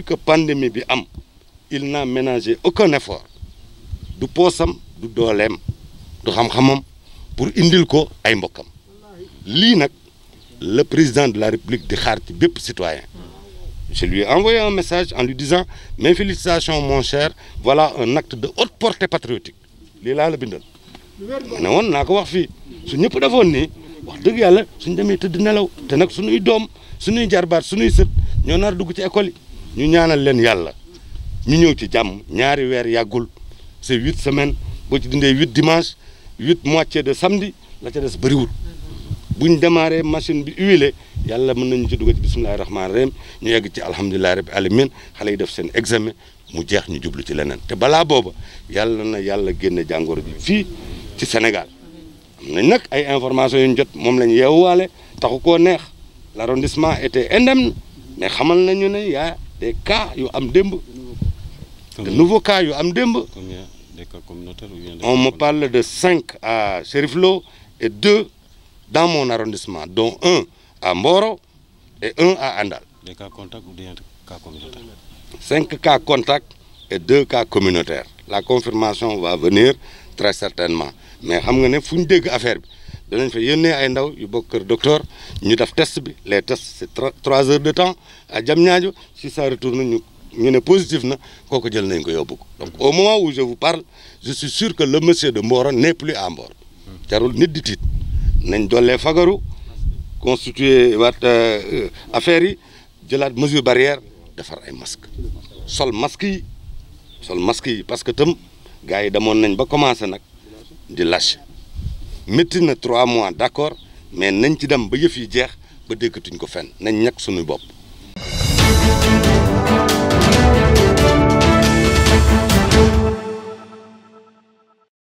depuis que pandémie bi am il n'a ménagé aucun effort du poosam du dolem, du xam-xamam pour indil ko ay mbokkam li nag le président de la république de xaar ci citoyen je lui ai envoyé un message en lui disant mes félicitations mon cher voilà un acte de haute portée patriotique lii laa la bindal ma ne woon naa ko wax fii su ñëpp defoon nii wax de yàlla suñ demee tëdd nelaw te nag suñuy doom suñuy jarbaat suñuy sët ñoo nar dugg ci école yi ñu ñaanal leen yàlla ñu ñëw ci jàmm ñaari weer yàggul c'est huit semaines boo ci dindee huit dimanche huit moitié de samedi la ca des bëriwul bu ñu démarré machine bi huilé yàlla mën nañu ci dugg ci bisimilahi rahmaani rahim ñu yegg ci alhamdulilahi rabbi alamin xale yi def seen examen mu jeex ñu jublu ci leneen te balaa booba yàlla na yàlla génne jàngoro bi fii ci Sénégal am nañ nag ay information yu ñu jot moom lañ yeewuwaale taxu koo neex l'arrondissement était indemne mais xamal nañu ne yaa des cas yu am demb de nouveaux cas yu am demb on me parle de 5 à Sheriflo et 2 dans mon arrondissement dont un à Moro et un à Andal des cas contacts ou des cas communautaires cinq cas contacts et deux cas communautaires la confirmation va venir très certainement mais xam nga né fu dégg affaire danañ fa yónnee ay ndaw yu bokk kër docteur ñu def test bi les tests c'est trois heures de temps à Diamniadio si ça retourne ñu ñu ne positif na kooku jël nañ ko yóbbu ko donc au moment où je vous parle je suis sûr que le monsieur de Mboro n'est plus à Mboro jarul nit di tiit nañ dollee fagaru constituer waat euh, euh, affaire yi jëlaat mesure barrière defar ay masque sol masque yi sol masque yi parce que tam gars yi demoon nañ ba commencé nag di lâché métti na trois mois d'accord mais nañ ci dem ba yëf yi jeex ba déggatuñ ko fenn nañ ñàkk suñu bopp